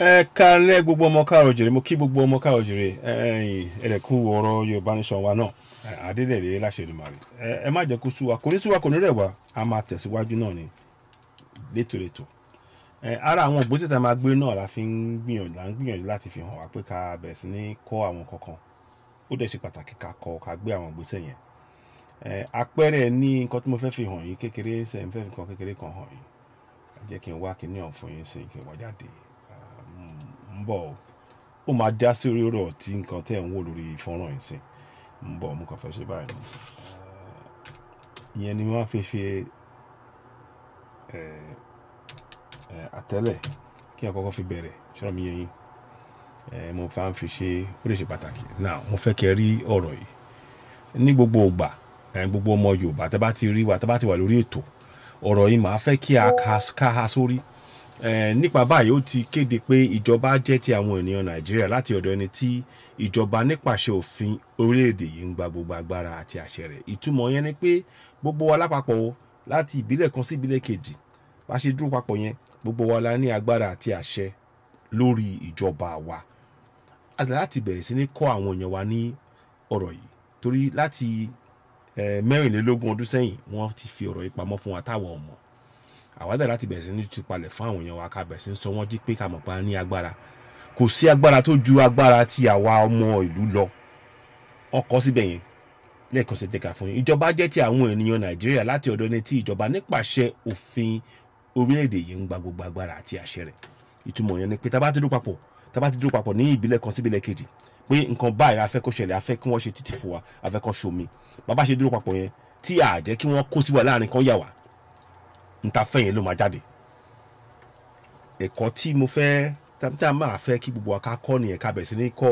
ẹ kalẹ gbogbo ọmọ káàrọ̀ jèrè mo kí gbogbo ọmọ káàrọ̀ jèrè ẹrẹkú ọ̀rọ̀ Yorùbá nation wa náà adédèrè láṣẹlùmọrẹ ẹ má jẹ kó sú wa kò ní sú wa kò ní rẹ̀ a máa tẹ̀síwájú náà ni létòlétò ara àwọn ògbésẹ̀ tá a máa gbé náà la fi ń gbìyànjú la ń gbìyànjú láti fi hàn wá pé ká bẹ̀rẹ̀ sí ní kọ́ àwọn kankan ó dẹ̀ ṣe pàtàkì ká kọ́ ká gbé àwọn ògbésẹ̀ yẹn àpẹẹrẹ ní nǹkan tí mo fẹ́ fi hàn yín kékeré ṣe ń fẹ́ fi kan kékeré kan hàn yín jẹ́ kí n wá kí ní ọ̀fun yín sí kí n wá jáde yìí. ń o máa já sí orí tí nǹkan tẹ́ ń wò lórí yìí sí mo kàn ni ìyẹn ni wọ́n fi ṣe kí n fi bẹ̀rẹ̀ ṣọ́rọ̀ mi yẹn yín mo fi ṣe ó lè ṣe pàtàkì mo fẹ́ kẹ́ rí ọ̀rọ̀ yìí ní gbogbo gbogbo ọmọ Yorùbá bá ti rí wa bá ti wà lórí ètò ọ̀rọ̀ yìí nípa báyìí ó ti kéde pé ìjọba jẹ́ ti àwọn ènìyàn nàìjíríà láti ọ̀dọ̀ ẹni tí ìjọba nípasẹ̀ òfin orílẹ̀-èdè yìí ń gba gbogbo agbára àti àṣẹ rẹ̀ ìtumọ̀ yẹn ni pé gbogbo wa lápapọ̀ láti ìbílẹ̀ kan sí ìbílẹ̀ kejì bá ṣe dúró papọ̀ yẹn gbogbo wa la ní agbára àti àṣẹ lórí ìjọba wa láti bẹ̀rẹ̀ sí ní kọ́ àwọn èèyàn wa ní ọ̀rọ̀ yìí torí láti mẹ́rìnlélógún ọdún sẹ́yìn wọ́n ti fi ọ̀rọ̀ yìí pamọ́ fún wa táwọn ọmọ àwádà láti bẹ̀rẹ̀ sí ní tú palẹ̀ fún àwọn èèyàn wa ká bẹ̀rẹ̀ sí ní sọ wọ́n jí pé ká mọ̀ pa ní agbára kò sí agbára tó ju agbára ti àwa ọmọ ìlú lọ ọkọ̀ síbẹ̀ yẹn lẹ́ẹ̀kan sí jẹ́ka fún yín ìjọba jẹ́ ti àwọn ènìyàn nàìjíríà láti ọ̀dọ̀ ní ti ìjọba nípasẹ̀ òfin orílẹ̀-èdè yìí ń gba gbogbo agbára àti àṣẹ rẹ̀ ìtumọ̀ yẹn ni pé tá bá ti dúró papọ̀ tá bá ti dúró papọ̀ ní ìbílẹ̀ kan síbílẹ̀ kejì pé nǹkan báyìí afẹ́ kó ṣẹlẹ̀ afẹ́ kí ṣe títì fún wa afẹ́ kó ṣomi bàbá ṣe dúró papọ̀ yẹn tí a kí wọ́n kó sí láàrin kan yà wá nta ta fẹ́ yẹn ló máa jáde ẹ̀kọ́ tí mo fẹ́ tí a máa fẹ́ kí gbogbo wa ká kọ́ nìyẹn ká bẹ̀rẹ̀ sí ní kọ́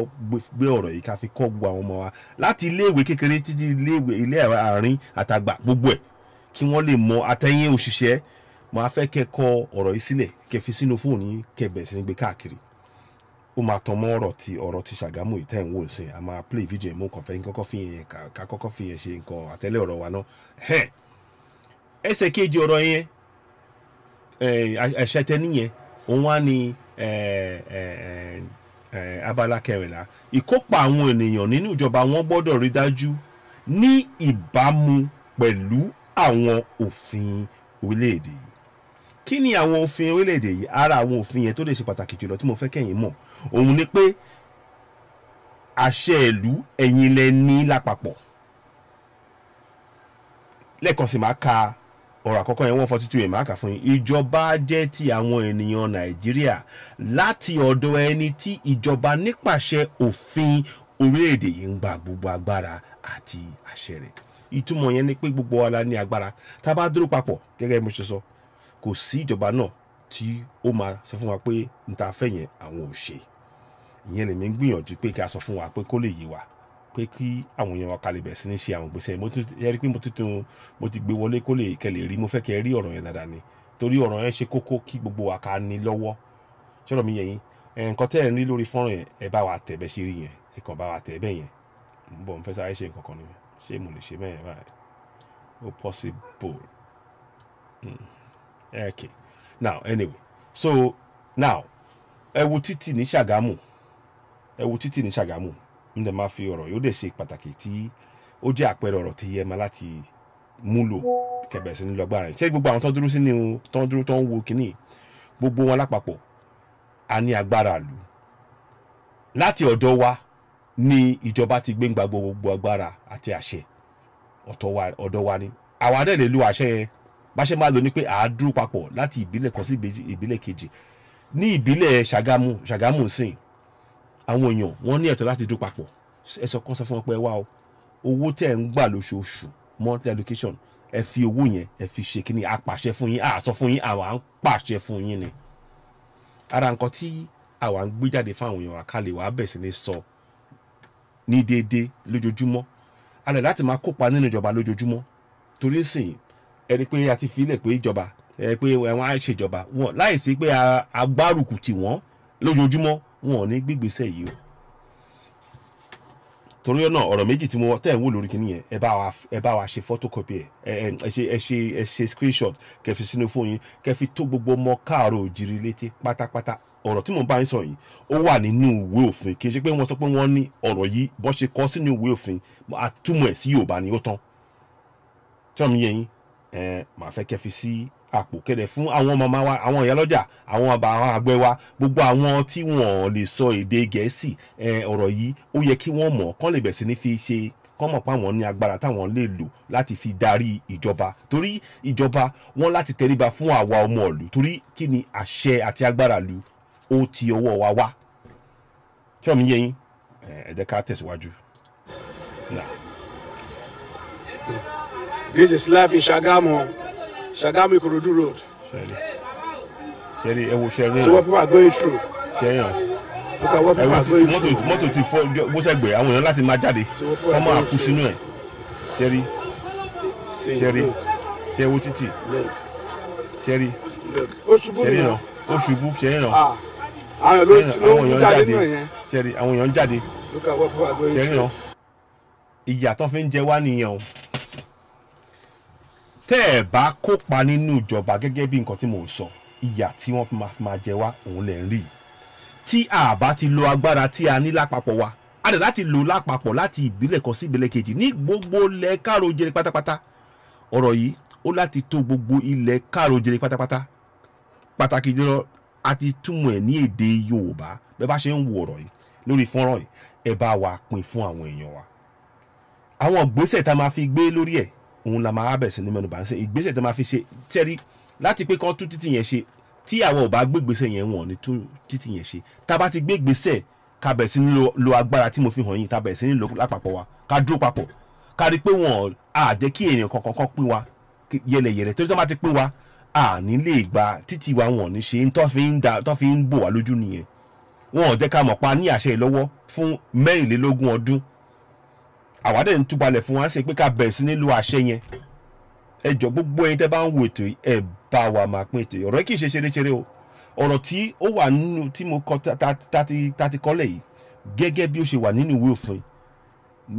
gbé ọ̀rọ̀ yìí ká fi kọ́ gbogbo àwọn ọmọ wa láti iléèwé kékeré títí iléèwé ilé àárín àtàgbà gbogbo ẹ̀ kí wọ́n lè mọ àtẹ̀yìn òṣìṣẹ́ mo á fẹ́ kẹ́ kọ ọ̀rọ̀ yìí sílẹ̀ kẹ́ fi sínú fóònù yín kẹ́ bẹ̀rẹ̀ sí ní gbé káàkiri ó máa tàn mọ́ ọ̀rọ̀ ti ọ̀rọ̀ ti Ṣàgámù ìtẹ́ wò sí a máa play video ẹ̀ mú kàn fẹ́ kọ́kọ́ fi yẹn ká kọ́kọ́ fi yẹn ṣe nǹkan àtẹ́lẹ̀ ọ̀rọ̀ wa náà ẹsẹ̀ kejì ọ̀rọ̀ yẹn Eh, àṣetẹ nìyẹn òun wá ní eh, eh, abala kẹrìnlá ìkópa àwọn ènìyàn nínú ìjọba wọn gbọ́dọ̀ rí dájú ní ìbámu pẹ̀lú àwọn òfin orílẹ̀-èdè yìí kí ni àwọn òfin orílẹ̀ yìí ara àwọn òfin yẹn tó lè ṣe pàtàkì jùlọ tí mo fẹ́ kẹ́yìn mọ̀ òun ni pé àṣẹ ìlú ẹ̀yin lẹ ní lápapọ̀ lẹ́ẹ̀kan sì máa ka ọ̀rọ̀ àkọ́kọ́ yẹn one forty two èmi àkà fún yín ìjọba jẹ́ ti àwọn ènìyàn nàìjíríà láti ọ̀dọ̀ ẹni tí ìjọba nípasẹ̀ òfin orílẹ̀-èdè yìí ń gba gbogbo agbára àti àṣẹ rẹ̀ ìtumọ̀ yẹn ni pé gbogbo wa la ní agbára tá a bá dúró papọ̀ gẹ́gẹ́ bí ṣe sọ kò sí ìjọba náà tí ó máa sọ fún wa pé n ta fẹ́ àwọn ò ìyẹn lèmi ń gbìyànjú pé kí a sọ fún wa pé kó lè yé wa pé kí àwọn èèyàn wa kalẹ̀ bẹ̀rẹ̀ sí ní ṣe àwọn ìgbésẹ̀ mo tún yẹ rí pé mo tún mo ti gbé wọlé kó lè kẹlẹ̀ rí mo fẹ́ kẹ́ rí ọ̀rọ̀ yẹn dáadáa ni torí ọ̀rọ̀ yẹn ṣe kókó kí gbogbo wa ká ní lọ́wọ́ ṣọ́rọ̀ mi yẹn yín nǹkan tẹ́ ẹ̀ ń rí lórí fọ́nrán yẹn ẹ bá wa tẹ̀ bẹ́ ṣe rí yẹn ẹ kàn bá wa tẹ̀ bẹ́ yẹn mo bọ̀ mo fẹ́ sáré ṣe nǹkan kan ni ṣé mo lè ṣe bẹ́ẹ̀ báyìí o possible mm. okay now anyway so now ẹ wo títì ní Ṣàgámù ẹ wo títì ní Ṣàgámù ń dẹ̀ máa fi ọ̀rọ̀ yóò dẹ̀ ṣe pàtàkì tí ó jẹ́ àpẹẹrẹ ọ̀rọ̀ tí ẹ máa láti múlò kẹ̀bẹ̀ sí ní lọ́gbàrá yìí ṣé gbogbo àwọn tó dúró sí ni o tó dúró tó ń wo kínní gbogbo wọn lápapọ̀ a ní agbára lù láti ọ̀dọ̀ wa ni ìjọba ti gbé ń gba gbogbo agbára àti àṣẹ ọ̀dọ̀ wa ni àwa dẹ̀ lè lu àṣẹ yẹn bá ṣe máa lò ní pé a dúró papọ̀ láti ìbílẹ̀ kan sí ìbílẹ̀ kejì ní ìbílẹ̀ Ṣàgámù Ṣàgámù sìn àwọn èèyàn wọ́n ní ẹ̀tọ́ láti dún papọ̀ ẹ sọ kán sọ fún wọn pé ẹ wá o owó tẹ̀ ń gbà lóṣooṣù monthly education ẹ fi owó yẹn ẹ fi ṣe kíni apàṣẹ fún yín àsọ fún yín àwa ń pàṣẹ fún yín ni ara nǹkan tí àwa ń gbé jáde fáwọn èèyàn àkàlẹ̀ wàá bẹ̀ sí ni sọ ní déédéé lójoojúmọ́ alẹ́ láti máa kópa nínú ìjọba lójoojúmọ́ torí sìn ẹni pé a ti filẹ̀ pé ìjọba ẹ pé wọn á ṣèjọba wọn láì sí pé agbárùkù tì lójoojúmọ́ wọn ò ní gbígbèsè yìí o torí ọ̀nà ọ̀rọ̀ méjì tí mo tẹ̀ ń wò lórí kìíní yẹn ẹ bá wa ẹ bá wa ṣe photocopy ẹ ẹ ṣe ẹ ṣe ẹ ṣe screenshot kẹ́ fi sínú fóònù yín kẹ́ fi tó gbogbo ọmọ káàárọ̀ òjìrì létí pátápátá ọ̀rọ̀ tí mo bá yín sọ yìí ó wà nínú ìwé òfin kì í ṣe pé wọ́n sọ pé wọ́n ní ọ̀rọ̀ yìí bó ṣe kọ́ sínú ìwé òfin àtúmọ̀ ẹ̀ sí Yorùbá ni ó tán tí wọ́n mi yẹ yín ẹ màá fẹ́ kẹ́ sí àpò kẹ̀dẹ̀ fún àwọn màmá wa àwọn ìyálọ́jà àwọn àbá àwọn àgbẹ̀ wa gbogbo àwọn tí wọ́n lè sọ èdè gẹ̀ẹ́sì ọ̀rọ̀ yìí ó yẹ kí wọ́n mọ̀ kán lè bẹ̀ ní fi ṣe kán mọ̀ pé àwọn ní agbára táwọn lè lò láti fi darí ìjọba torí ìjọba wọn láti tẹríba fún àwa ọmọ torí kí ni àṣẹ àti agbára lu ó ti ọwọ́ wa wá tí ọ̀mí yẹ yín ẹ̀ẹ́dẹ́ ká tẹ̀síwájú. This is life in Ṣàgámù. Ṣàgámù Ìkòròdú road. Sherry, ẹ wo sẹ́ni. so what people are going through. Sherry. look at what people are going through. mọ́tò ti fọ́ bóṣẹ́gbẹ̀ àwọn èèyàn láti máa jáde kọ́ máa kú sínú ẹ̀ sẹ́ni sẹ́ni sẹ́wó títì sẹ́ni sẹ́ni náà ó ṣubú sẹ́ni náà àwọn èèyàn jáde sẹ́ni àwọn èèyàn jáde sẹ́ni náà ìyà tó fi ń jẹ wá nìyẹn o tẹ́ ẹ̀ bá kópa nínú ìjọba gẹ́gẹ́ bí nǹkan tí mò ń sọ ìyà tí wọ́n máa fi máa jẹ wá òun lẹ̀ ń rí yìí tí a ti lo agbára tí a ní lápapọ̀ wa a dẹ̀ láti lò lápapọ̀ láti ìbílẹ̀ kan sí ìbílẹ̀ kejì ní gbogbo ilẹ̀ károjere pátápátá ọ̀rọ̀ yìí ó láti tó gbogbo ilẹ̀ károjere pátápátá pàtàkì jùlọ a ti túmọ̀ ẹ̀ ní èdè Yorùbá bẹ́ẹ̀ bá ṣe ń wo ọ̀rọ̀ yìí lórí fọ́nrán yìí ẹ bá wa pín fún àwọn èèyàn wa àwọn ìgbésẹ̀ tá a máa fi gbé lórí ẹ̀ òun la máa bẹ̀ sí ní mẹ́nu bá ń sẹ́ ìgbésẹ̀ máa fi ṣe tẹ́rí láti pé kán tún títì yẹn ṣe tí àwọn ò bá gbé ìgbésẹ̀ yẹn wọ̀n ní tún títì yẹn ṣe tá a bá ti gbé ìgbésẹ̀ ká bẹ̀ sí ní lo agbára tí mo fi hàn yín tá a bẹ̀ sí ní lo lápapọ̀ wa ká dúró papọ̀ ká rí i pé wọn à jẹ́ kí èèyàn kankan kan pín wa yẹlẹyẹlẹ torí tó máa ti pín wa à ní lè gba títì wa wọn ní ṣe tó fi ń bò wá lójú nìyẹn wọn ò jẹ́ ká mọ̀ pa ní àṣẹ ìlọ́wọ́ fún mẹ́rìnlélógún ọdún àwa dẹ̀ ń túbalẹ̀ fún wa ṣe pé ká bẹ̀rẹ̀ sí nílò àṣẹ yẹn ẹ gbogbo ẹyin tẹ́ bá ń wo ètò yìí ẹ bá wa máa pín ètò yìí ọ̀rọ̀ kì í ṣe ṣeréṣeré o ọ̀rọ̀ tí ó wà nínú tí mo kọ tati kọ́lẹ̀ yìí gẹ́gẹ́ bí ó ṣe wà nínú ìwé òfin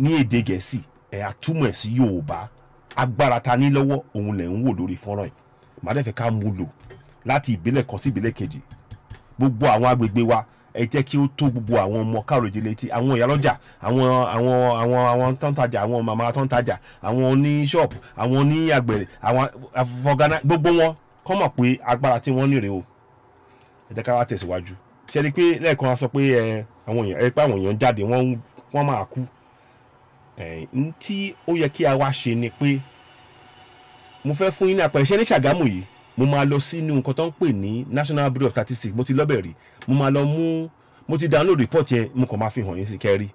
ní èdè gẹ̀ẹ́sì ẹ̀ àtúmọ̀ ẹ̀ sí yorùbá agbára ta ní lọ́wọ́ òun lẹ̀ ń wò lórí fọ́nrán yìí màá dẹ̀ ká mú lò láti ìbílẹ̀ kan sí ìbílẹ̀ kejì gbogbo àwọn agbègbè wa ẹ jẹ́ kí ó tó gbogbo àwọn ọmọ káròjì létí àwọn ìyálọ́jà àwọn àwọn àwọn àwọn tó ń tajà àwọn màmá tó ń tajà àwọn oní ṣọ́ọ̀pù àwọn oní àgbèrè àwọn afọgánà gbogbo wọn kọ́ mọ̀ pé agbára tí wọ́n ní rèé o ẹ jẹ́ ká wá tẹ̀síwájú ṣe ni pé lẹ́ẹ̀kan a sọ pé àwọn èèyàn ẹ pé àwọn èèyàn jáde wọ́n máa kú tí ó yẹ kí a wá ṣe ni pé mo fẹ́ fún yín ní àpẹẹrẹ ṣe ní ṣàgámù yìí mo máa lọ sínú nǹkan tó ń pè ní National Bureau of Statistics mo ti lọ́bẹ̀ rí mo máa lọ mú mo ti download report yẹn mo kàn máa fi hàn yín sí kẹ́rí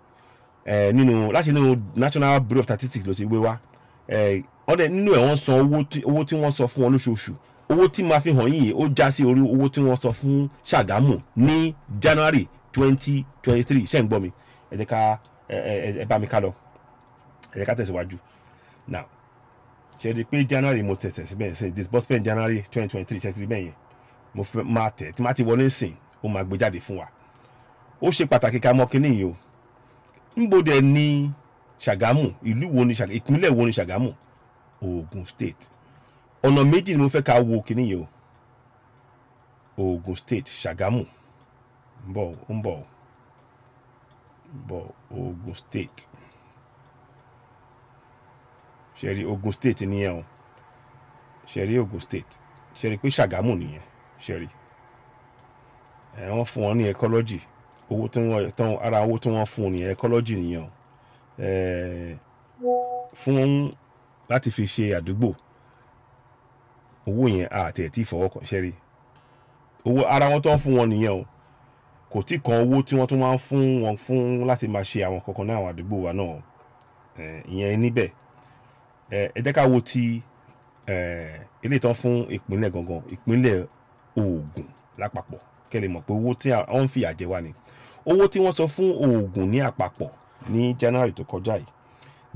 nínú láti inú National Bureau of Statistics ló ti gbé wá ẹ ọdẹ nínú ẹ wọ́n san owó tí wọ́n san fún wọn lóṣooṣù owó tí máa fi hàn yìí ó já sí orí owó tí wọ́n san fún Ṣàgámù ní January twenty twenty three ṣé ń gbọ́ mi ẹ jẹ́ ká ẹ bá mi ká lọ ẹ ká tẹ̀síwájú now ṣe rí i pé january mo tẹ̀sẹ̀ síbẹ̀ ṣe disbursement january twenty twenty three ṣe ti rí yẹn mo fẹ́ máa tẹ̀ tí máa ti wọlé sìn ó máa gbé jáde fún wa ó ṣe pàtàkì ká mọ̀ kínní yìí o nbọdẹ ní ṣàgámù ìlú wo ni ṣàgámù ìpínlẹ̀ wo ni ṣàgámù Ògùn state ọ̀nà méjì ni mo fẹ́ ká wo kínní yìí o Ògùn state ṣàgámù ń bọ̀ ń bọ̀ ń bọ̀ Ògùn state ṣẹ̀rí Ogun State nìyẹn o ṣẹ̀rí Ogun State ṣẹ̀rí pé Ṣàgámù nìyẹn ṣẹ̀rí ẹ̀ wọ́n fún wọn ní ecology owó tí wọ́n tán ara owó tí wọ́n fún nìyẹn ecology nìyẹn o fún láti fi ṣe àdúgbò owó yẹn àti ẹ̀ tí ìfọwọ́kàn ṣẹ́rí owó ara wọn tó ń fún wọn nìyẹn o kò tí kan owó tí wọ́n tún máa ń fún wọn fún láti máa ṣe àwọn kankan ní àwọn àdúgbò wa náà ìyẹn níbẹ̀ ẹ jẹ́ ká wo ti ilé ìtàn fún ìpínlẹ̀ gangan ìpínlẹ̀ Ògùn lápapọ̀ kẹ́ lè mọ̀ pé owó tí wọ́n ń fìyà jẹ wá ni owó tí wọ́n sọ fún Ògùn ní àpapọ̀ ní January tó kọjá yìí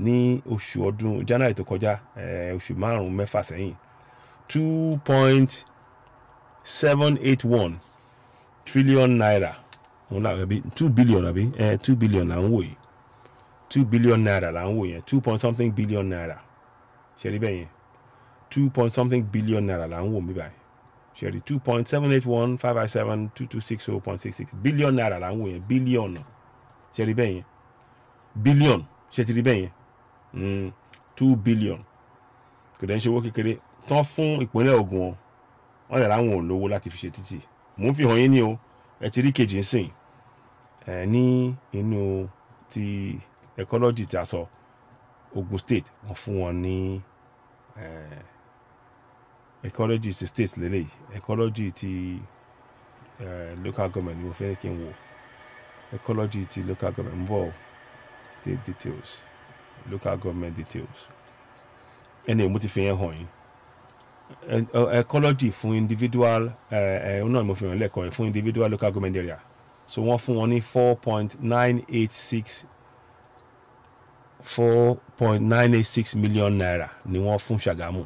ní oṣù ọdún January tó kọjá oṣù márùn-ún mẹ́fà sẹ́yìn two point seven eight one trillion naira òun làwọn ẹbí two billion àbí two billion là ń wò yìí two billion naira là ń wò yẹn two point something billion naira ṣẹ̀rí bẹ́ẹ̀ yẹn two point something billion naira là ń wò mí báyìí ṣẹ̀rí two point seven eight one five five seven two two six zero oh point six six billion naira là ń wò yẹn billion ṣẹ̀rí bẹ́ẹ̀ yẹn billion ṣẹ̀rí bẹ́ẹ̀ yẹn hmm. two billion kò dẹ́n ṣe owó kékeré tán fún ìpínlẹ̀ Ògùn o wọ́n yàrá àwọn olówó láti fi ṣe títì mò ń fi hàn yín ní o ẹ ti rí kejì ń sìn ẹ ní inú ti ecology tí a sọ. So Ogun State wọ́n fún wọn ní eh, ecology ti state lélẹ́yìí ecology ti eh, local government ni mo fẹ́ kí n wò ecology ti local government ń bọ̀ state details local government details ẹni èmi ti fi yẹn hàn yín eh, ecology fún individual ẹ ẹ náà mo fi hàn lẹ́kọ̀ọ́ yẹn fún individual local government area so wọ́n fún wọn ní four point nine eight six four point nine eight six million naira ni wọ́n fún Ṣàgámù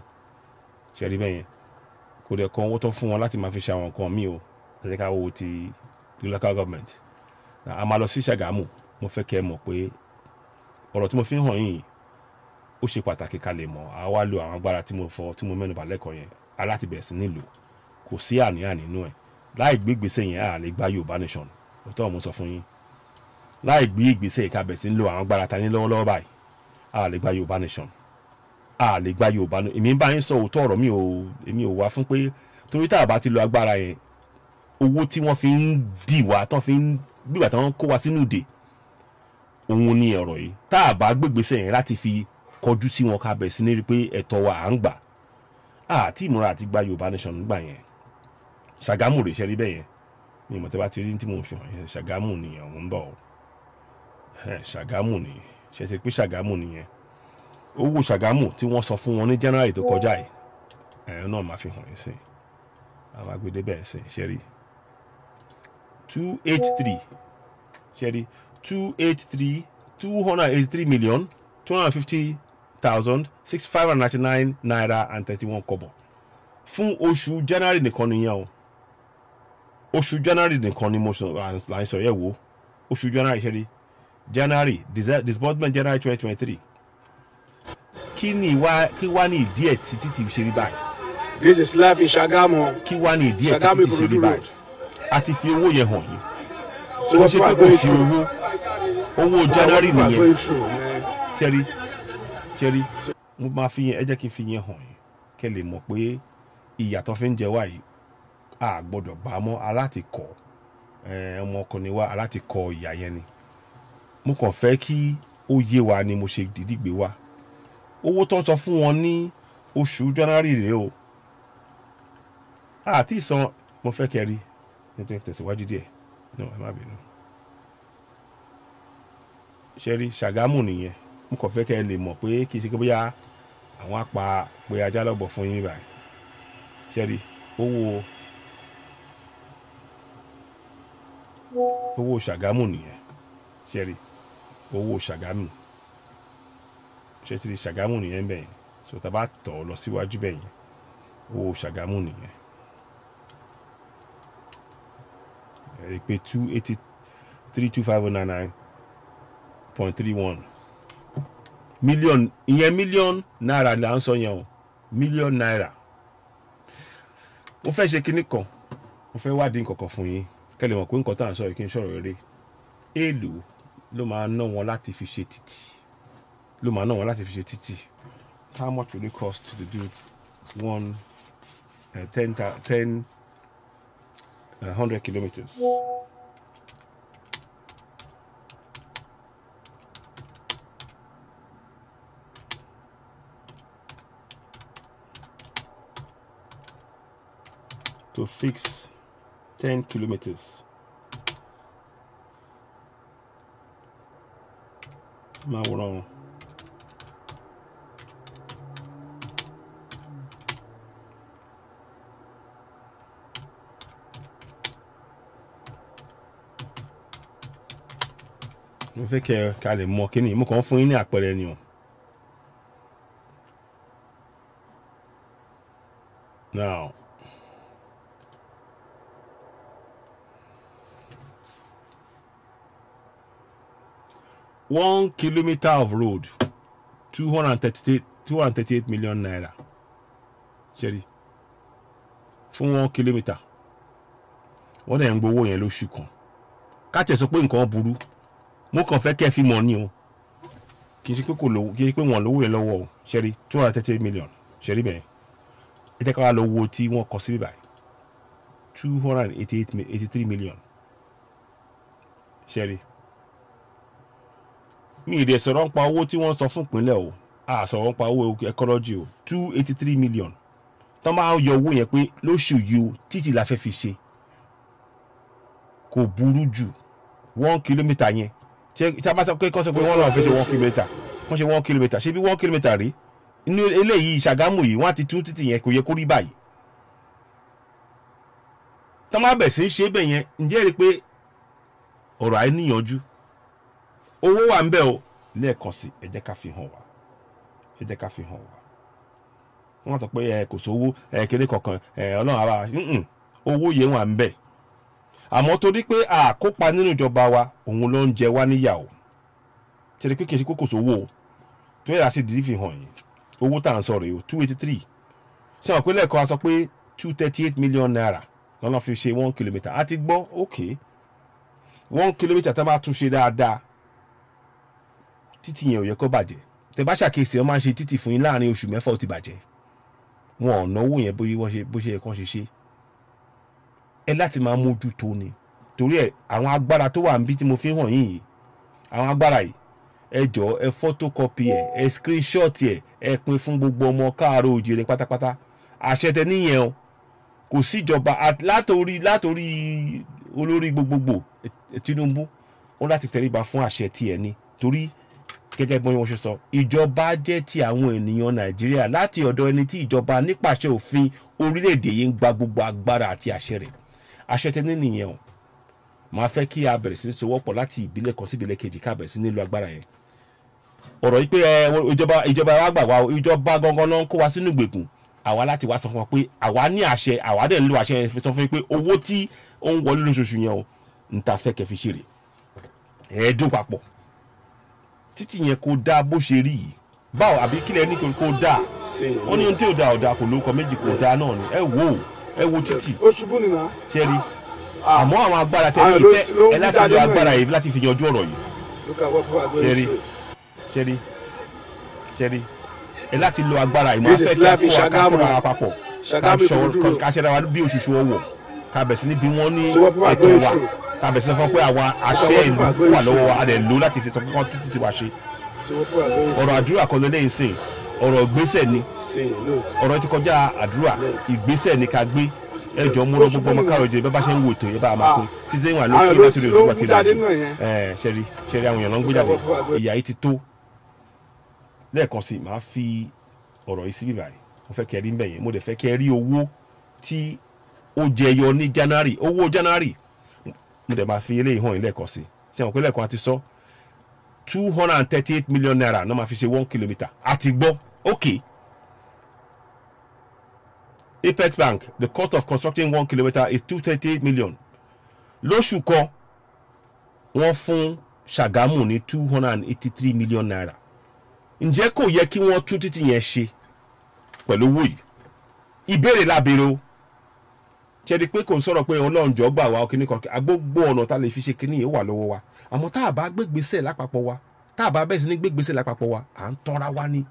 ṣẹ́rí bẹ́ẹ̀ yẹn kò dẹ̀ kan owó tó fún wọn láti máa fi ṣe àwọn nǹkan míì o ẹ̀jẹ̀ ká wo ti the local government a máa lọ sí Ṣàgámù mo fẹ́ kẹ́ ẹ mọ̀ pé ọ̀rọ̀ tí mo fi ń hàn yìí ó ṣe pàtàkì ká lè mọ̀ àá wá lo àwọn agbára tí mo fọ tí mo mẹ́nu bà yẹn aláti bẹ̀rẹ̀ sí nílò kò sí àníyàn nínú ẹ̀ láì gbégbèsè yẹn àá gba Yorùbá nation òótọ́ mo fún yín láì gbé ìgbésẹ̀ ìkàbẹ̀ sí ń lo àwọn agbára ta ní lọ́wọ́lọ́wọ́ báyìí a lè gba yorùbá nation a lè gba yorùbá nation èmi bá yín sọ òótọ́ ọ̀rọ̀ mi ò èmi ò wá fún pé torí tá a bá ti lo agbára yẹn owó tí wọ́n fi ń dì wá tán fi ń gbígbà tí wọ́n kó wa sínú ìdè òun ni ọ̀rọ̀ yìí tá a bá gbégbèsè yẹn láti fi kọjú sí wọn ká bẹ̀rẹ̀ ní rí pé ẹ̀tọ́ wa à ń gbà àti ìmúra àti gba yorùbá nation nígbà yẹn ṣàgámù rèé ṣe bẹ́ẹ̀ yẹn ni ìmọ̀tẹ́ ti rí tí mò fi hàn yẹn ṣàgámù nìyẹn òun bọ̀ ọ́ ṣàgámù ni ṣe ṣe pé ṣàgámù nìyẹn owó ṣàgámù tí wọ́n sọ fún wọn ní january tó kọjá yìí ẹ̀yọ́ náà máa fi hàn yín sí àwọn agbèdè sí ṣe two eight three ṣe two eight three two hundred eighty three million two hundred fifty thousand six five hundred ninety nine naira and thirty one kobo. fún oṣù january nìkan nìyẹn o oṣù january nìkan ni mo sọ à ń sọ yẹ wo oṣù january ṣe january disbursement january twenty twenty three kí ni wá kí wá ní ìdí ẹ̀ títí ti ṣe rí báyìí. this is life in Ṣàgámù. kí wá ní ìdí ẹ̀ títí ti ṣe rí báyìí a ti fi owó yẹn hàn yín wọ́n ṣe pé kò sí owó owó january nìyẹn ṣẹ́rí ṣẹ́rí mo máa fi yẹn ẹ jẹ́ kí n fi yẹn hàn yín kẹ́ lè mọ̀ pé ìyàtọ̀ fi ń jẹ wáyìí a gbọ́dọ̀ gbà á mọ́ aláti kọ̀ ọmọkùnrin wa aláti kọ ìyà yẹn ni mo kàn fẹ́ kí ó yé wa ni mo ṣe dìídì gbé wa owó tó ń sọ fún wọn ní oṣù january rèé o àti ìsan mo fẹ́ kẹ́rí nítorí tẹ̀síwájú díẹ̀ náà ẹ má bínú ṣẹ́rí ṣàgámù nìyẹn mo kàn fẹ́ kẹ́ ẹ lè mọ̀ pé kì í ṣe pé bóyá àwọn apá pé ajá lọ́bọ̀ fún yín báyìí ṣẹ́rí owó owó ṣàgámù nìyẹn ṣẹ́rí owó Ṣàgámù ṣe ti di Ṣàgámù nìyẹn bẹ́ẹ̀ so tá a bá tọ̀ lọ síwájú bẹ́ẹ̀ owó Ṣàgámù nìyẹn ẹ pé two eighty three two five oh nine nine point three one million. ìyẹn mílíọ̀nù náírà là ń sọ yẹn o mílíọ̀nù náírà mo fẹ́ ṣe kinní kan mo fẹ́ wádìí nǹkan kan fún yín kẹ́lẹ́ mọ̀ pé nǹkan tá à ń sọ yìí kí n sọ̀rọ̀ eré èèlò ló máa ná wọn láti fi ṣe títì ló máa ná wọn láti fi ṣe títì how much will it cost to do one uh, ten ten uh, hundred kilometers. to fix 10 kilometers máa wòrán wọn. mo fẹ́ kẹ́ ẹ ká lè mọ kí ni mo kàn ń fún yín ní àpẹẹrẹ ni o. one kilometer of road two hundred and thirty-eight two hundred and thirty-eight million naira ṣẹ́rí fún one kilometer wọ́n dẹ̀ ń gbowó yẹn lóṣù kan káàtẹ̀ sọ pé nǹkan burú mo kàn fẹ́ kẹ́ ẹ fi mọ̀ ni o kì í ṣe pé kò lówó kì í ṣe pé wọ́n lówó yẹn lọ́wọ́ o ṣẹ́rí two hundred and thirty-eight million ṣẹ́rí bẹ́ẹ̀ ẹ jẹ́ ká wá lọ wo tí wọ́n kọ síbí báyìí two hundred and eighty-eight eighty-three million ṣẹ́rí mi ì dẹ̀ sọ̀rọ̀ nípa owó tí wọ́n san fún ìpínlẹ̀ o a sọ̀rọ̀ pa owó ecology o two eighty three million tán máa ń yọ owó yẹn pé lóṣù yìí o títì la fẹ́ fi ṣe kò burú jù one kilometre yẹn tí a bá sọ pé kọ́ sọ pé wọ́n lọ́wọ́ fẹ́ ṣe one kilometre wọ́n ṣe one kilometre ṣé bí one kilometre rí inú eléyìí Ṣàgámù yìí wọ́n á ti tún títì yẹn kò yẹ kó rí báyìí tán máa bẹ̀ sí ṣe bẹ̀ yẹn ǹjẹ́ rí i pé ọ̀rọ̀ àìníyànjú owó wà ń bẹ̀ o lẹ́ẹ̀kan sí ẹ jẹ́ ká fi hàn wá ẹ jẹ́ ká fi hàn wá wọ́n sọ pé ẹ kò sówó ẹ kéré kankan ẹ ọlọ́run ara owó yẹn wà ń bẹ̀ àmọ́ torí pé àkópa nínú ìjọba wa òun ló ń jẹ wá níyà o tẹ̀lé pé kì í ṣe kókò sówó o tó yẹ láti dìdí fi hàn yín owó tá à ń sọ rèé o two eighty three ṣé àwọn ìpínlẹ̀ kan a sọ pé two thirty eight million naira lọ́nà fi ṣe one kilometre a ti gbọ́ ok one kilometre tá a máa tún ṣe dáadáa títì yẹn ò yẹ kó bàjẹ́ tẹ bá ṣàkíyèsí ọ máa ń ṣe títì fún yín láàrin oṣù mẹ́fà ó ti bàjẹ́ wọn ò náwó yẹn bóyá wọ́n ṣe bó ṣe yẹ kán ṣe ṣe ẹ láti máa mójútó ni torí ẹ àwọn agbára tó wà níbí tí mo fi hàn yín yìí àwọn agbára yìí ẹ jọ ẹ photocopy ẹ ẹ screenshot ẹ ẹ pin fún gbogbo ọmọ káàárọ̀ òjìrè pátápátá àṣẹ tẹ níyẹn o kò síjọba látòrí látòrí olórí gbogbogbò Tinubu ó láti tẹríba fún àṣẹ tiẹ̀ ni torí gẹ́gẹ́ bí wọ́n ṣe sọ ìjọba jẹ́ ti àwọn ènìyàn nàìjíríà láti ọ̀dọ̀ ẹni tí ìjọba nípasẹ̀ òfin orílẹ̀-èdè yìí ń gba gbogbo agbára àti àṣẹ rẹ̀ àṣẹ tẹ́ni nìyẹn o máa fẹ́ kí a bẹ̀rẹ̀ sí ní sowọ́pọ̀ láti ìbílẹ̀ kan sí ìbílẹ̀ kejì ká bẹ̀rẹ̀ sí nílò agbára yẹn ọ̀rọ̀ yìí pé ìjọba ìjọba wa gbà wá o ìjọba gangan náà ń kó wa sínú ìgbèkùn àwa láti wá sọ fún wa pé àwa ní títì yẹn kò dáa bó ṣe rí yìí báwo àbí kílẹ̀ ní kò da wọ́n ní ohun tí ò dáa ò dáa kò lóko méjì kò dáa náà ni ẹ wò ẹ wo títì ṣe rí ah. àmọ́ àwọn agbára tẹ̀lé ah, ìfẹ́ ẹ láti lo agbára yìí láti fi yanjú ọ̀rọ̀ yìí ṣe rí ṣe rí ṣe rí ẹ láti lo agbára yìí máa fẹ́ kí a kó wa ká fúnra wa papọ̀ ká ṣe ra wa bí òṣùṣù ọwọ̀ ká bẹ̀ sí ní bí wọ́n ní ẹ̀tọ́ wa tàbí sọ fún pé àwọn àṣẹ ìlú wà lọ́wọ́ wa a lè lò láti fi sọ pé kán tún títí wa ṣe ọ̀rọ̀ àdúrà kan lóde ìsìn ọ̀rọ̀ ìgbésẹ̀ ni ọ̀rọ̀ ti kọjá àdúrà ìgbésẹ̀ ni ká gbé ẹjọ́ múrọ gbogbo ọmọ káàrọ̀ jẹ bẹ́ẹ̀ bá ṣe ń wò tó yẹ bá a máa pín ah. season one ló kí láti rí olùkọ́ ti dájú ṣẹ́rí ṣẹ́rí àwọn èèyàn ló ń gbé jáde ìyà yìí ti tó lẹ́ẹ̀kan sí màá fi ọ̀rọ̀ yìí sí bíbá yìí mo fẹ́ kẹ́ rí ń bẹ̀yẹn mo dẹ̀ fẹ́ kẹ́ rí owó tí ó jẹyọ ní January owó January mo dẹ̀ máa fi eléyìí hàn yín lẹ́ẹ̀kan sí ṣé àwọn pínlẹ̀ kan ti sọ two hundred and thirty eight million naira náà máa fi ṣe one kilometre àti gbọ́ ok Apex Bank the cost of constructing one kilometre is two thirty eight million lóṣù kan wọ́n fún Ṣàgámù ní two hundred and eighty three million naira ǹjẹ́ kò yẹ kí wọ́n tún títì yẹn ṣe pẹ̀lú owó yìí ìbéèrè la o ṣe ni pé kò ń sọ̀rọ̀ pé ọlọ́run jọ gbà wá kíní kan gbogbo ọ̀nà tá a lè fi ṣe kíní yìí wà lọ́wọ́ wa àmọ́ tá a bá gbégbèsè lápapọ̀ wa tá a bá bẹ̀rẹ̀ sí ní gbégbèsè lápapọ̀ wa à ń tọ́ra wa ní.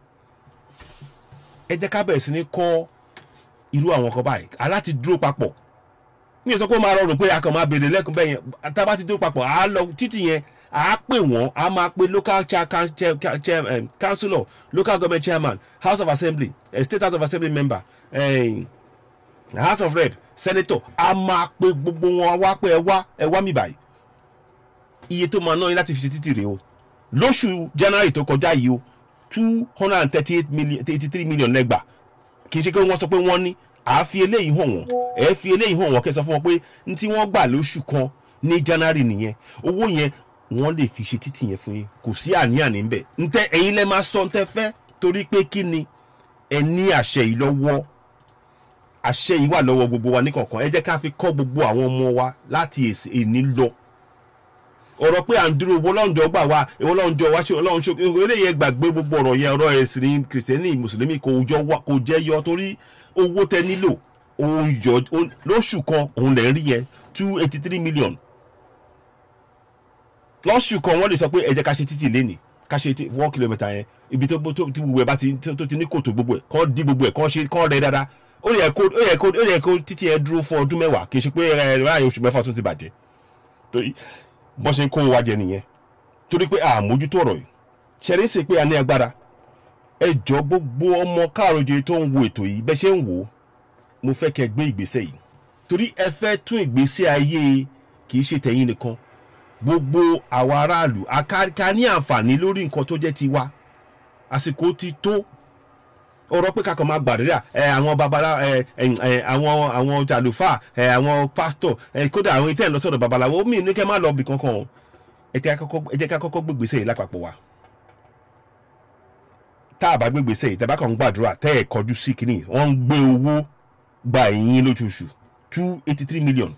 ẹ jẹ́ ká bẹ̀rẹ̀ sí ní kọ́ irú àwọn kan báyìí aláti dúró papọ̀ ní ìsọpọ̀ máa rọrùn pé a kàn máa béèrè lẹ́kùn bẹ́ẹ̀ tá a bá ti dúró papọ̀ à á lọ títì yẹn à á pè wọ́n à máa pe local cha, cha, councillor local government chairman house of assembly uh, state house of assembly member uh, house of rep sẹ́nẹ́tọ̀ a máa pe gbogbo wọn wá pé ẹ wá ẹ wá mi báyìí iye tó máa ná yín láti fi ṣe títì rèé o lóṣù january tó kọjá yìí o two hundred and thirty eight million eighty three million lẹ́gbà kì í ṣe pé wọ́n sọ pé wọ́n ní à á fi eléyìí hàn wọ́n ẹ̀ ẹ́ fi eléyìí hàn wọ́n kẹ́ sọ fún wọn pé ní tí wọ́n gbà lóṣù kan ní january nìyẹn owó yẹn wọ́n lè fi ṣe títì yẹn fún yín kò sí àní-àní ńbẹ̀ ntẹ ẹ̀yin lẹ́ máa sọ ntẹ fẹ́ torí pé kí ni ẹ ní àṣẹ yìí lọ́wọ́ àṣẹ yìí wà lọ́wọ́ gbogbo wa níkọ̀ọ̀kan ẹ jẹ́ ká fi kọ́ gbogbo àwọn ọmọ wa láti èní lọ ọ̀rọ̀ pé à ń dúró owó lọ́njọ́ gbà wá owó lọ́njọ́ wá ṣe ọlọ́run ṣe eléyẹ gbàgbé gbogbo ọ̀rọ̀ yẹn ọ̀rọ̀ ẹ̀sìn kìrìsìtẹ́nì mùsùlùmí kò jẹ́ yọ torí owó tẹ nílò òun lóṣù kan òun lè rí yẹn two eighty three million lóṣù kan wọ́n lè sọ pé ẹ jẹ́ ká ṣe títì lẹ́nìí ká ṣe one kilometre yẹn ibi tó ti wù ẹ bá ti ní kòtò gbogbo ẹ̀ kọ́ di gbogbo ẹ̀ kọ́ ṣe kọ́ rẹ dáadáa ó yẹ kó ó yẹ kó ó yẹ kó títí ẹ dúró fún ọdún mẹ́wàá kì í ṣe pé ẹ láàrin oṣù mẹ́fà tún ti bàjẹ́ torí bọ́n ṣe ń kó wa jẹ nìyẹn torí pé àmójútó ọ̀rọ̀ yìí ṣẹlẹ̀ ṣe pé a ní agbára ẹ jọ gbogbo ọmọ káàròjẹ tó ń wo ètò yìí bẹ́ẹ̀ ṣe ń wò ó mo fẹ́ kẹ́ gbé ìgbésẹ̀ yìí torí ẹ fẹ́ tún ìgbésẹ̀ ayé kì í ṣe tẹ̀yìn nìkan gbogbo àwa aráàlú àkàkà ní àǹfààní lórí nǹkan tó jẹ́ tiwa àsìkò ti tó ọ̀rọ̀ pé kakọ̀ máa gbàdúrà àwọn babalá àwọn àwọn jàlùfà àwọn pásítọ̀ kódà àwọn ìtẹ́ ìlọsọ̀rọ̀ babaláwo mi ní kẹ́ má lọ bì kankan o ẹ jẹ́ ká kọ́kọ́ gbégbèsè yìí lápapọ̀ wa tá a bá gbégbèsè yìí tẹ́bá kan gbàdúrà tẹ́ ẹ̀ kọjú sí kínní wọ́n ń gbé owó gba ẹ̀yìn lóṣooṣù two eighty three million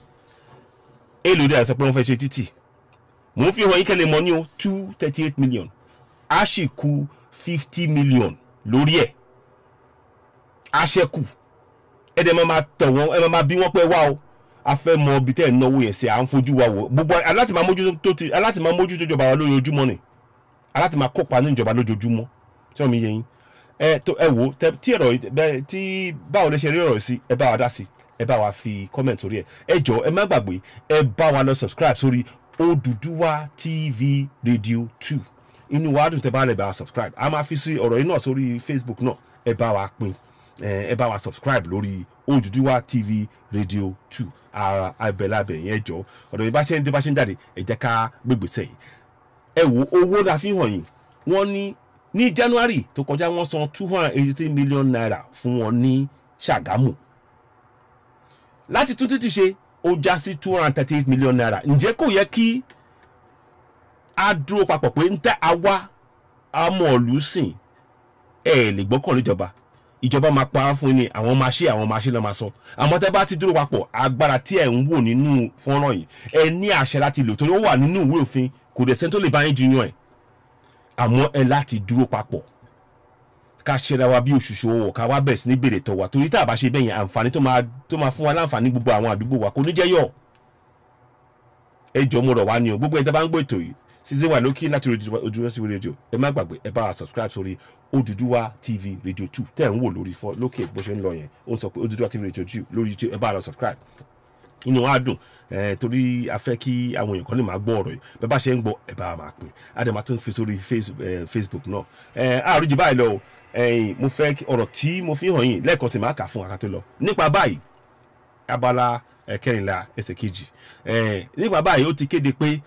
èlò dé àṣẹ pé wọ́n fẹ́ ṣe títì mò ń fi hàn yín mọ́ ní o two thirty eight million a sì kù fifty million lórí ẹ̀ aṣẹ́kù ẹ dẹ̀ máa tẹ̀ wọ́n ẹ máa bí wọ́n pẹ́ wá o a fẹ́ mọ ibi tẹ́ ẹ̀ náwó yẹn sí à ń fojú wa wò gbogbo aláti máa mójútó ti aláti máa mójútó ìjọba wa lójoojúmọ́ ni aláti máa kópa ní ìjọba lójoojúmọ́ tí wọ́n mi yẹ ẹ tó ẹ wò tí ẹ̀rọ tí báwo lè ṣe rí ọ̀rọ̀ sí ẹ bá wa dá sí ẹ bá wa fi comment orí ẹ ẹ jọ ẹ má gbàgbé ẹ bá wa lọ subscribe sórí Oduduwa TV Radio Two, inú wa dùn tẹ́ bá lè bá wa subscribe a máa fi sí ọ̀rọ̀ yìí náà sórí Facebook náà ẹ bá wa pín ẹ bá wa subscribe lórí Odùduwà TV Radio two ara abẹ́lábẹ́ yẹn jọ ọ̀dọ̀ bí bá ṣe ń dé bá ṣe ń jáde ẹ jẹ́ ká gbégbèsè yìí ẹ wo owó la fi hàn yín wọ́n ní ní January tó kọjá wọ́n san two hundred eighty three million naira fún wọn ní Ṣàgámù láti tún títí ṣe ó já sí two hundred thirty eight million naira ǹjẹ́ kò yẹ kí a dúró papọ̀ pé ń tẹ́ àwa amọ̀ọ́lù sìn ẹ̀ ìjọba máa pa fún ni àwọn máa ṣe àwọn máa ṣe lọ́ọ́ máa sọ àmọ́ tẹ́ bá ti dúró papọ̀ agbára tí ẹ̀ ń wò nínú fọ́nrán yìí ẹ ní àṣẹ láti lò torí ó wà nínú ìwé òfin kò dẹ̀ sẹ́ni tó lè bá yín jiyàn ẹ̀ àmọ́ ẹ láti dúró papọ̀ ká ṣẹra wa bí òṣùṣù ọwọ̀ ká wá bẹ̀ sí ní bèrè tọ̀wà torí tá a bá ṣe bẹ́ẹ̀ yẹn àǹfààní tó máa fún wa láǹfààní gbogbo àwọn àdúgbò wa kò ní jẹ́ yọ̀ ẹ jọ̀ọ́ mo rọ̀ wá ní o gbogbo ẹ̀ tẹ́ bá ń gbọ́ ètò yìí ṣíṣe wà lókè láti ojú ọjọ́ sí rédíò ẹ má gbàgbé ẹ bá wa subscribe sórí Oduduwa TV Radio two tẹ̀ ń wò lórí fọ́ lókè bó ṣe ń lọ yẹn ó sọ pé Oduduwa TV Radio two lórí YouTube ẹ bá lọ subscribe inú wa dùn ẹ torí a fẹ́ kí àwọn èèyàn kan lè máa gbọ́ ọ̀rọ̀ yìí bẹ́ẹ̀ bá ṣe ń gbọ́ ẹ bá máa pè àdèmà tó ń fi sórí Facebook náà ẹ àrùn jù báyìí lọ mo fẹ́ ọ̀rọ̀ tí mo fi hàn yín lẹ́ẹ̀kan sì máa kà fún akátó lọ nípa báyìí abala kẹrìnlá ẹsẹ̀ kejì nípa báyìí ó ti kéde pé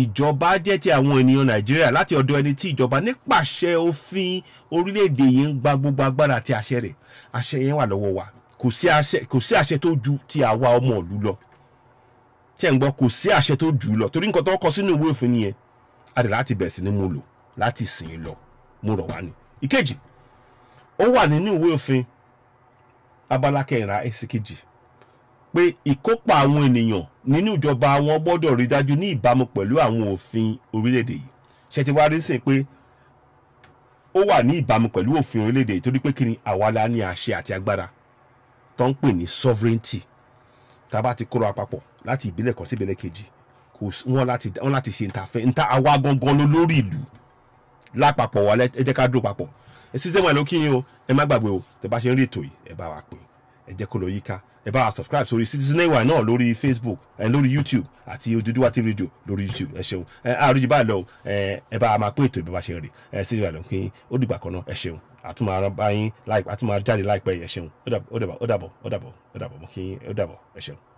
ìjọba jẹ́ ti àwọn ènìyàn nàìjíríà láti ọ̀dọ̀ ẹni tí ìjọba nípasẹ̀ òfin orílẹ̀-èdè yìí ń gba gbogbo agbára àti àṣẹ rẹ̀ àṣẹ yẹn wà lọ́wọ́ wa kò sí àṣẹ tó ju ti àwa ọmọ ìlú lọ tẹ́ ń gbọ́ kò sí àṣẹ tó jù lọ torí nǹkan tó kọ sínú ìwé òfin nìyẹn adè láti bẹ̀rẹ̀ sí ni mo lò láti sìn ín lọ mo rọ̀ wá ni. ìkejì ó wà nínú ìwé òfin abala kẹrìnlá ẹsẹ kejì pé ìkópa àwọn ènìyàn nínú ìjọba wọn gbọ́dọ̀ rí dájú ní ìbámu pẹ̀lú àwọn òfin orílẹ̀-èdè yìí ṣe ti wá rí sìn pé ó wà ní ìbámu pẹ̀lú òfin orílẹ̀-èdè torí pé kí ni àwa la ní àṣẹ àti agbára tó ń pè ní sovereignty tá a bá ti kóra papọ̀ láti ìbílẹ̀ kan sí ìbílẹ̀ kejì kò wọ́n láti wọ́n láti ṣe ntàfẹ́ ntà àwa gangan ló lórí ìlú lápapọ̀ wa ẹ jẹ́ ká dúró papọ̀ ẹ sì sẹ́wọ̀n ẹ ló yín o ẹ má gbàgbé o tẹ bá ṣe ń rí ètò yìí ẹ bá wa pè ẹ jẹ́ kó lọ yíká ẹ bá wa subscribe sórí citizen ay náà lórí facebook ẹ lórí youtube àti Odùduwà TV radio lórí youtube ẹ ṣeun ẹ àrùjì bá lọ ẹ ẹ bá a máa pé ètò ìbí bá ṣe rè ẹ sí ìbá lọ kí ó dìgbà kan náà ẹ ṣeun àtúmọ̀ ara bá yín láìpẹ́ àtúmọ̀ jáde láìpẹ́ ẹ ṣeun ó dàbọ̀ ó dàbọ̀ ó dàbọ̀ ó dàbọ̀ mo kí ó dàbọ̀ ẹ ṣeun.